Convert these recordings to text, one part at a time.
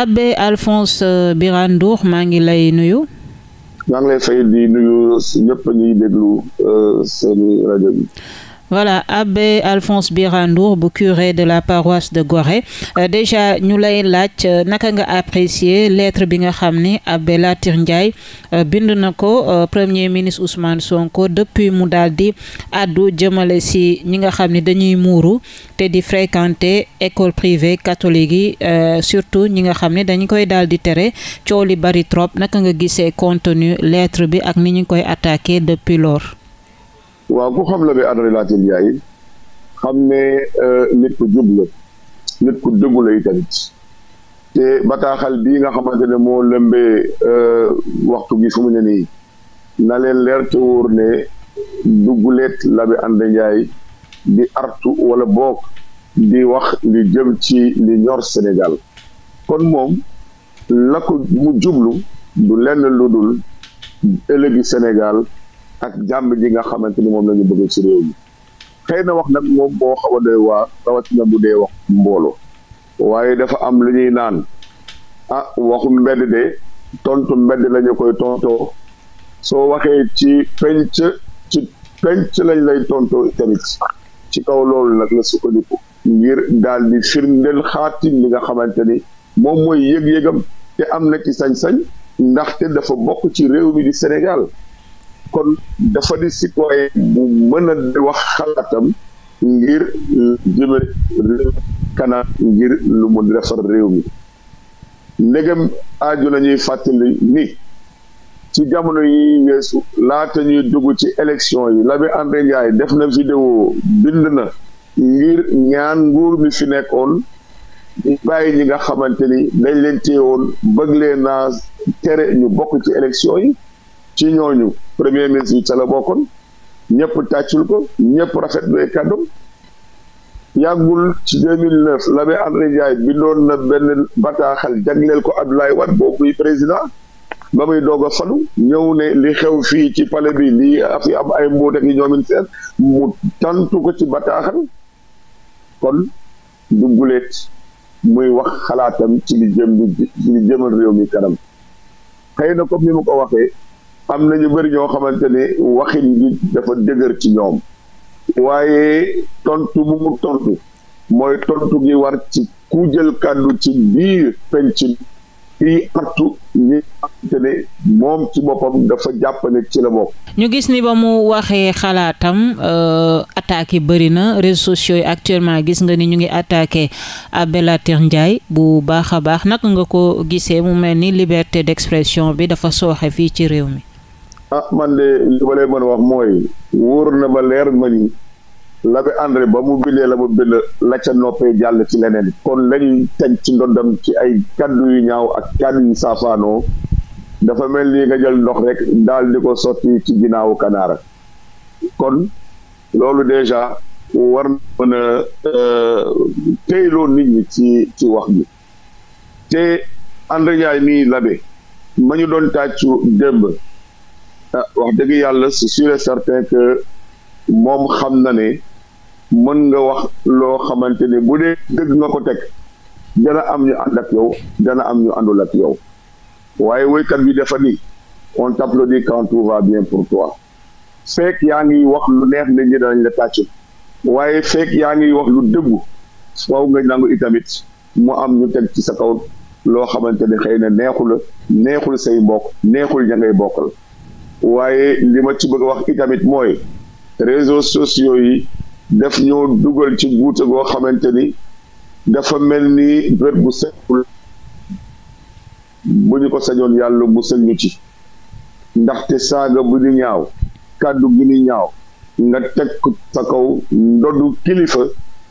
Abbé Alphonse euh, Birane maa ngi lay nuyu maa lay fay di nuyu ñëpp ñuy déglu euh, seen rajo bi voilà abbé Alphonse Birandour bu curé de la paroisse de Gorée euh, déjà ñu lay laaj euh, naka nga apprécier lettre bi nga xam ni abbé Latir Ndiaye euh, bind na ko premier ministre Ousmane Sonko depuis mu daal di àddu jëmale si ñi nga xam ni dañuy muuru te di fréquenter école privée catholique yi surtout ñi nga xam ne dañu koy daal di tere coow li bari trop naka nga gisee contenu lettre bi ak ni ñu koy attaquer depuis lors waaw ku xam la bi Adama Latir Ndiaye xam ne euh, nit ku jub nit ku dëggu la itamit te bataaxal bii nga xamante ne moo lëmbee euh, waxtu gi fu mu ne nii na leen leer te wóor ne dugguleet la bi ànd Ndiaye di artu wala boog di wax li jëm ci li ñor Sénégal kon moom la mu jublu du lenn lu dul ëllëgi Sénégal ak jàmb ji nga xamante ni moom la ñu bëgg ci réew mi xëy na wax nag moom boo xaw a doy waa rawatina bu dee wax mbooloo waaye dafa am lu ñuy naan ah waxu mbedd de tontu mbedd lañu koy tontoo soo waxee ci penc ci penc lañ lay tontoo tamit ci kaw loolu nag la sukkandiku ngir daal di firndeel xaatim li nga xamante ni moom mooy yëg-yëgam te am na ci sañ-sañ ndaxte dafa bokk ci réew mi di Sénégal kon dafa di citoyen bu mën di wax xalaatam ngir jëme kanam ngir lu mu defar réew mi ndegam aaju la ñuy fàttali ni ci jamono yi weesu laata ñuy dugg ci élection yi Labe André Ndiaye def na vidéo bind na ngir ñaan nguur mi fi nekkoon bàyyi ñi nga xamante ni dañ leen téye woon bëgg tere ñu bokk ci élection yi ci ñooñu premier ministre bi ca la bokkoon ñëpp tàccul ko ñëpp rafetlu kàddu yàggul ci 2009 l'abbé André Ndiaye bindoon na benn bataaxal jagleel ko Abdoulaye Wade boobu président ba muy doog a falu ñëw ne li xew fii ci palais bi lii a am ay mbuut ak yi ñoomin seen mu tàntu ko ci bataaxal kon du guleet muy wax xalaatam ci li jëm ci li jëmal réew mi kanam xëy na comme ni ma ko waxee am ñu bëri ñoo xamante waxin bi dafa dëgër ci ñoom waaye tontu bu mu tontu mooy tontu gi war ci ku jël kàddu ci biir penc kii artu ci la bokk. ñu gis ni ba mu waxee xalaatam euh, attaques yi bëri na réseaux sociaux yi actuellement gis nga ni ñu ngi attaqué Abellatir Ndiaye bu baax a baax naka nga ko gisee mu mel ni liberté d'expression bi dafa sooxe fii ci réew mi. a ah, man de li ma leen mën wax mooy wóor na ma leer ma ni la bi ba mu bindee la mu bind la ca noppee jàll ci leneen kon lañuy teg ci ndondam ci ay kàddu yu ñaaw ak kaddu yu saafaanoo dafa mel ni nga jël ndox rek daal di ko sotti ci ginnaawu kanaara kon loolu déjà war mën a euh, téyloo nit ñi ci ci wax bi te André Ndiaye mii labe ma ñu doon tàccu démb Ah, wax dëgg yàlla su sûr et que moom xam na ne mën nga wax loo xamante ne bu dee dëgg nga ko teg dana am ñu ànd ak yow dana am ñu àndul ak yow waaye woykat bi dafa ni on t'applaudit quand tout bien pour toi fekk yaa ngi wax lu neex nit ñi la tàcc waaye fekk yaa ngi wax lu dëggu faw nga nangu itamit mu am ñu teg ci sa kaw loo xamante ni xëy na neexul neexul say mbokk neexul ña ngay bokkal waaye li ma ci bëgg a wax itamit mooy réseaux sociaux yi def ñoo dugal ci guute goo xamante ni dafa mel ni bët bu setul bu ñu ko sañoon yàlla musal ñu ci ndaxte saaga bu ñu ñaaw kàddu gi ñu ñaaw nga teg sa kaw ndodu kilifa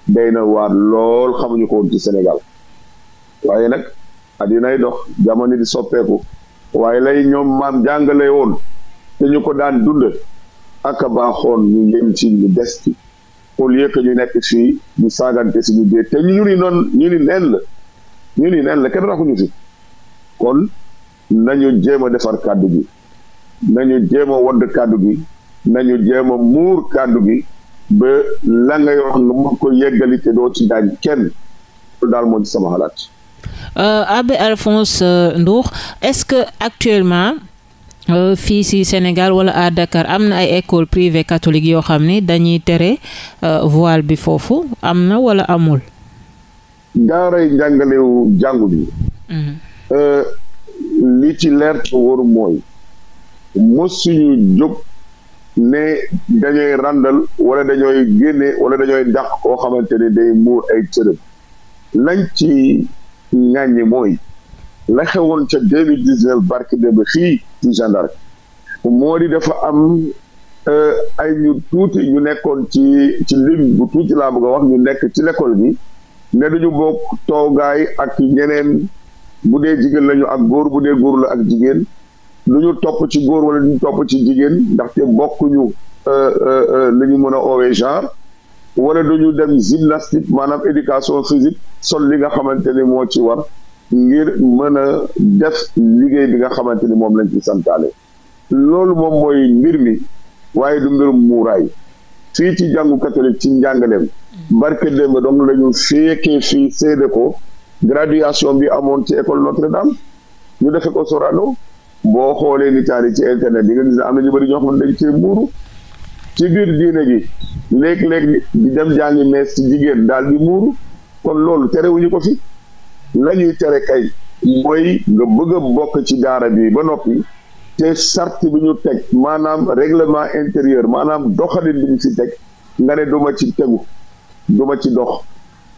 day na waar lool xamuñu ko woon ci senegal waaye nag addinay dox jamono di soppeeku waaye lay ñoom maam jàngale woon dañu ko daan dund ak a baaxoon ñu yem ci ñu des ci au lieu ñu nekk ci ñu saagante ci ñu biir te ñu ni noonu ñu ni neen la ñu ni neen la kenn raxuñu ci kon nañu jéem a defar kàddu gi nañu jéem a wodd kàddu gi nañu jéem a muur kàddu gi ba la ngay wax nga mën ko yeggali doo ci daañ kenn daal moo ci sama xalaat. Euh, Abbé Alphonse euh, Ndour est-ce que actuellement. Euh, fii si Sénégal wala à Dakar am na ay école privée catholique yoo xam ni dañuy tere euh, voile bi foofu am na wala amul. daaray njàngalewu jàngu bi. Mhm. Euh, li ci leer te wóor mooy mosuñu jóg ne dañooy ràndal wala dañooy génne wala dañooy dàq koo xamante ne day muur ay cërëb lañ ci ñàññi mooy. la xewoon ca deux mille dix neuf barke démb fii ci gendarme moo di dafa am euh, ay ñu tuuti ñu nekkoon ci ci lim bu tuuti laa bëgg wax ñu nekk ci l'école bi ne duñu bokk toogaay ak ñeneen bu dee jigéen lañu ak góor bu dee góor la ak jigéen lu ñu topp ci góor wala ñu topp ci jigéen ndaxte bokkuñu euh, euh, li ñu mën a oowee genre wala duñu dem gymnastique maanaam éducation physique sol li nga xamante ni moo ci war ngir mën a def liggéey bi nga xamante ni moom lañ ci santaale loolu moom mooy mbir mi waaye du mbirum muuraay fii ci jàngu catholique ci njàngaleem barke démb donc lañu fekkee fii seede ko graduation bi amoon ci école Notre Dame ñu defe ko Sorano boo xoolee caari ci internet yi nga gis ne am na ñu bëri ñoo xam ne dañ cee muuru ci biir diine gi léeg-léeg di dem jàngi mees ci jigéen daal di muuru kon loolu terewuñu ko fi la ñuy tere kay mooy nga bëgg bokk ci daara bii ba noppi te charte bi ñu teg maanaam règlement intérieur maanaam doxalin bi ñu ci teg nga ne duma ci tegu duma ci dox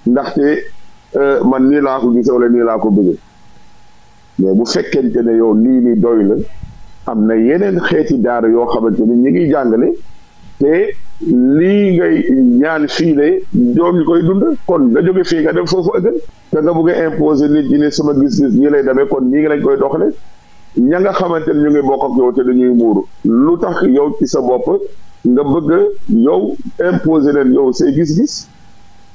ndax ndaxte euh, man nii laa ko gisee wala nii laa ko bëgg mais bu fekkente ne yow lii nii doy la am na yeneen xeeti daara yoo xamante ni ñu ngi jàngale te lii ngay ñaan fii de doom ñu koy dund kon nga jóge fii nga def foofu ëgg da nga bëgg a imposer nit ñi ne sama gis-gis ñi lay demee kon nii nga lañ koy doxale ña nga xamante ne ñu ngi bokk ak yow te dañuy muuru lu tax yow ci sa bopp nga bëgg yow imposer leen yow say gis-gis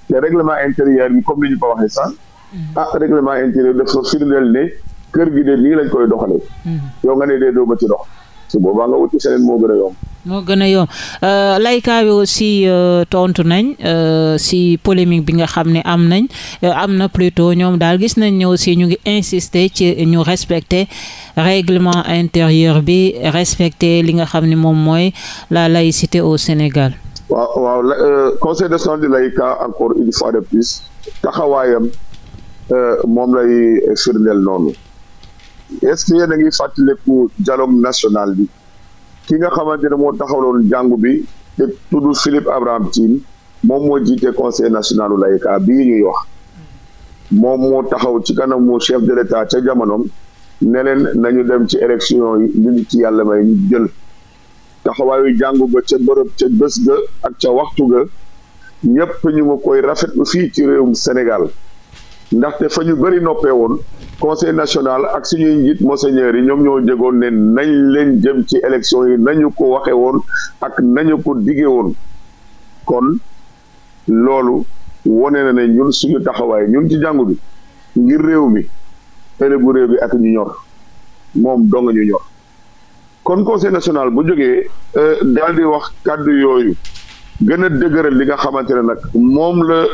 te règlement intérieur bi comme ni ñu ko waxee sànq mm-hmm. ah règlement intérieur dafa firndeel ne kër gi de nii lañ koy doxale mm-hmm. yow nga ne dee doo ma ci dox su boobaa nga wuti seneen moo gën a moo gën a yomb euh, Layka bi aussi euh, tontu nañ euh, si polémique bi nga xam ne am nañ am na plutôt ñoom daal gis nañ ne aussi ñu ngi insister ci ñu respecter règlement intérieur bi respecter li nga xam ni moom mooy la laïcité au Sénégal. waaw waaw conseil national du Layka encore une fois de plus taxawaayam moom lay firndeel noonu est-ce que yéen a ngi fàttaliku dialogue national bi. ki nga xamante ne moo taxawloon jàngu bi te tudd Philippe Abraham Tine moom moo jiite conseil nationalu laïka bi ñuy wax moom moo taxaw ci kanamu chef de l'état ca jamonoom ne leen nañu dem ci élection yi li ñu ci yàlla may ñu jël taxawaayu jàngu ba ca bërëb ca bës ga ak ca waxtu ga ñépp ñu ngi koy rafetlu fii ci réewum Sénégal ndaxte fa ñu bëri noppee woon conseil national ak suñuy njiit monseigneur yi ñoom ñoo jégoon ne nañ leen jëm ci élection yi nañu ko waxe woon ak nañu ko digge woon kon loolu wone na ne ñun suñu taxawaay ñun ci jàngu bi ngir réew mi ëllëgu réew bi ak ñu ñor moom dong ñu ñor kon conseil national bu jógee euh, daal di wax kàddu yooyu gën a dëgëral li nga xamante ne nag moom la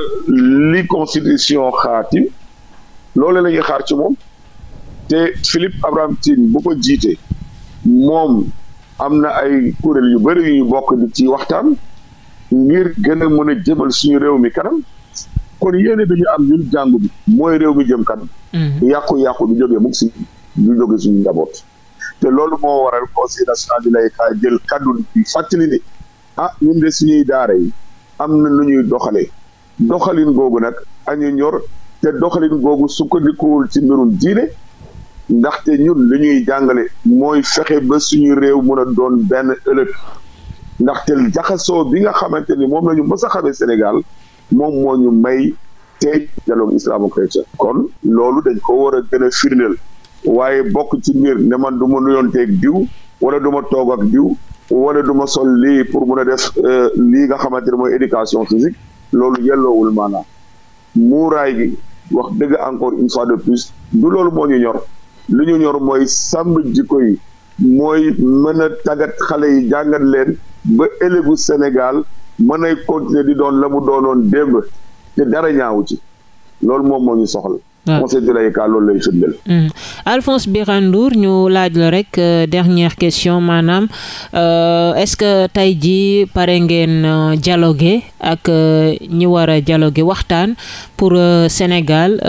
li constitution xaatim loole la ñuy xaar ci moom te Philippe Abraham Tine bu ko jiitee moom am na ay kuréel yu bari yu bokk di ci waxtaan ngir gën a mën a jëmal suñu réew mi kanam kon yéene bi ñu am ñun jàngu bi mooy réew mi jëm kanam. Mm-hmm. yàqu-yàqu du jógee mukk suñu njaboot. te loolu moo waral conseil national du laïcat jël kaddu bi fàttali ni ah ñun de suñuy daara yi am na nu ñuy doxalee doxalin googu nag añu ñor te doxalin boobu sukkandikuwul ci mbirum diine ndaxte ñun li ñuy jàngale mooy fexe ba suñu réew mën a doon benn ëllëg ndaxte jaxasoo bi nga xamante ni moom la ñu mës a Sénégal moom moo ñu may tey dialogue islamo-chrétien kon loolu dañ ko war a gën a waaye bokk ci mbir ne man du ma nuyonteeg diw wala du ma toog ak diw wala du ma sol lii pour mun a def euh, lii nga xamante ne mooy éducation physique loolu yelloowul maanaam muuraay gi wax dëgg encore une fois de plus du loolu moo ñu ñor lu ñu ñor mooy sàmm jikko yi mooy mën a tàggat xale yi jàngat leen ba ëllëgu Sénégal mën a continuer di doon la mu doonoon démb te dara ñaawu ci loolu moom moo ñu soxla. Ah. conseil de l'AECA loolu lay sundel hmm. Alphonse Birane ñu laaj la rek euh, dernière question maanaam euh, est-ce que tey jii pare ngeen euh, dialoguer ak ñi war a dialoguer waxtaan pour Sénégal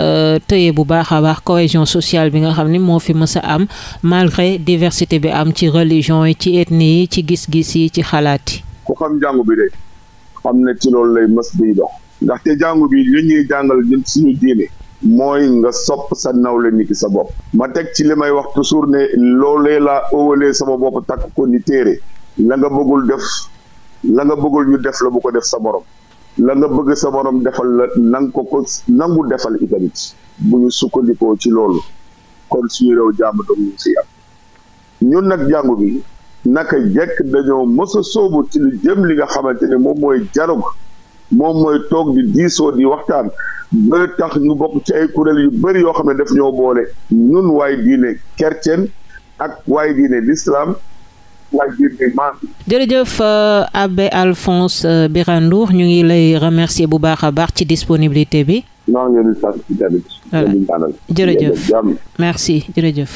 tëye bu baax a baax cohésion sociale bi nga xam ne moo fi mës a am malgré diversité bi am ci religion yi ci ethnie yi ci gis-gis yi ci xalaat yi. ku xam jàngu bi de xam ne ci loolu lay mës biy dox ndaxte jàngu bi li jàngal suñu diine. mooy nga sopp sa nawle ni ki sa bopp ma teg ci li may wax toujours ne loolee laa óowalee sama bopp takk ko ni téere la nga bëggul def la nga bëggul ñu def la bu ko def sa morom la nga bëgg sa morom defal la nang ko ko nangu defal itamit bu ñu sukkandikoo ci loolu kon suñu réew jàmm doom si am ñun nag jàngu bi naka jekk dañoo mës a sóobu ci lu jëm li nga xamante ne moom mooy dialogue moom mooy toog di diisoo di waxtaan ba tax ñu bokk ci ay kuréel yu bëri yoo xam ne daf ñoo boole ñun waay diine chrétien ak waay diine l'islam jërëjëf euh, Abbé Alphonse euh, Birane Ndour ñu ngi lay remercier bu baax a baax ci disponibilité bi. jërëjëf merci jërëjëf.